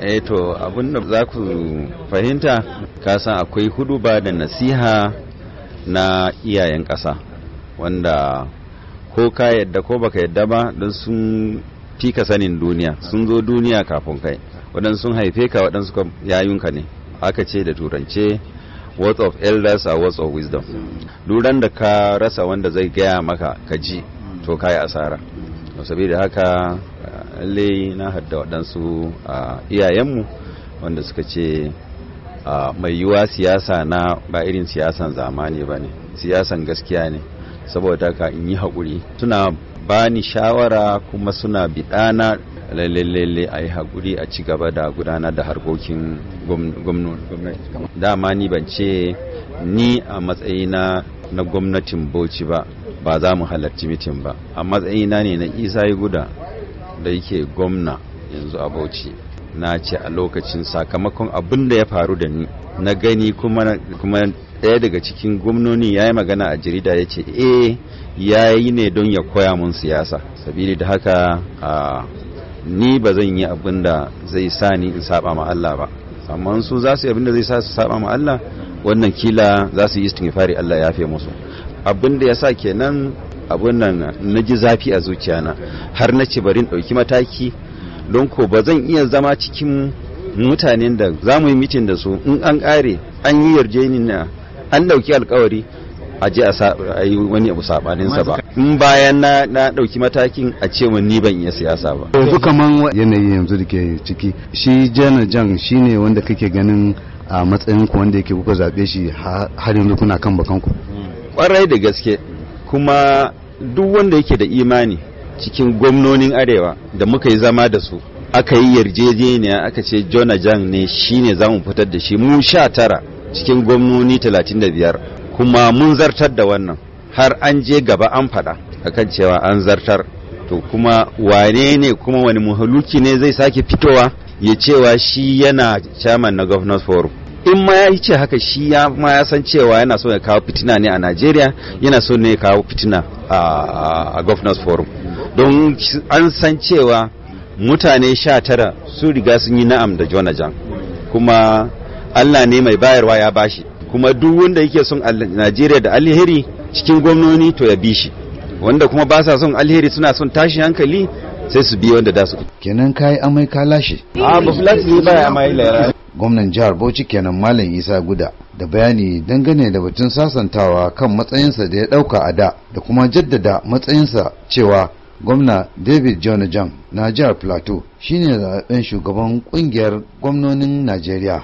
eh to abin da za ku fahimta kasan akwai hudu ba da nasiha na iyayen ƙasa wanda ko ka yadda ko baka yadda ba don sun fi ka sanin duniya sun zo duniya kafin kai waɗansu sun haife ka waɗansu yayunka ne aka ce da turance words of elders are words of wisdom duran da ka rasa wanda zai gaya maka ka ji to ka yi asara saboda haka lallai na hada waɗansu iyayenmu wanda suka ce mai yiwuwa siyasa na ba irin siyasan zamani ba ne siyasan gaskiya ne saboda ka in yi haƙuri suna ba ni shawara kuma suna biɗana lallai a yi haƙuri a ci gaba da gudanar da harkokin gwamnati ban ce ni a matsayina na gwamnatin bauchi ba ba za mu halarci mitin ba a matsayina ne na isa guda da yake gwamna yanzu a bauchi na ce a lokacin sakamakon abin da ya faru da ni na gani kuma ɗaya daga cikin gwamnoni ya yi magana a jarida ya ce eh ya yi ne don ya koya mun siyasa sabili da haka ni ba zan yi abin da zai sa ni in saba ma Allah ba amma su za su yi abin da zai sa su saba ma Allah wannan kila za su yi istighfari Allah ya fi musu abin da ya sa kenan abun nan na ji zafi a zuciya na har na ce barin ɗauki mataki don ko ba zan iya zama cikin mutanen da za mu yi mitin da su in an ƙare an yi yarjejeniya an ɗauki alkawari a je a yi wani abu sabaninsa ba in bayan na na dauki matakin a ce ni ban iya siyasa ba yanzu kaman yanayi yanzu da ke ciki shi jana jan ne wanda kake ganin a matsayin ku wanda yake kuka zaɓe shi har yanzu kuna kan bakanku ku kwarai da gaske kuma duk wanda yake da imani cikin gwamnonin arewa da muka yi zama da su aka yi yarjejeniya aka ce jona jan ne shi ne za mu fitar da shi mu sha tara cikin gwamnoni talatin da biyar kuma mun zartar da wannan har an je gaba an faɗa akan cewa an zartar to kuma wane ne kuma wani muhaluki ne zai sake fitowa ya cewa shi yana chairman na governors forum in ma ya ce haka shi ya ma ya san cewa yana so ya kawo fitina ne a Najeriya yana so ne ya kawo fitina a governors forum don an san cewa mutane sha tara su riga sun yi na'am da Jonajan kuma Allah ne mai bayarwa ya bashi kuma duk wanda yake son Najeriya da alheri cikin gwamnoni to ya bi shi wanda kuma ba sa son alheri suna son tashi hankali sai su biya wanda da su kenan kai amai ka lashe a ba fulani ba amai lera gwamnan jihar Bauchi kenan Malam Isa Guda da bayani dangane da batun sasantawa kan matsayinsa da ya dauka a da da kuma jaddada matsayinsa cewa gwamna David John na jihar Plateau shine zaɓen shugaban ƙungiyar gwamnonin Najeriya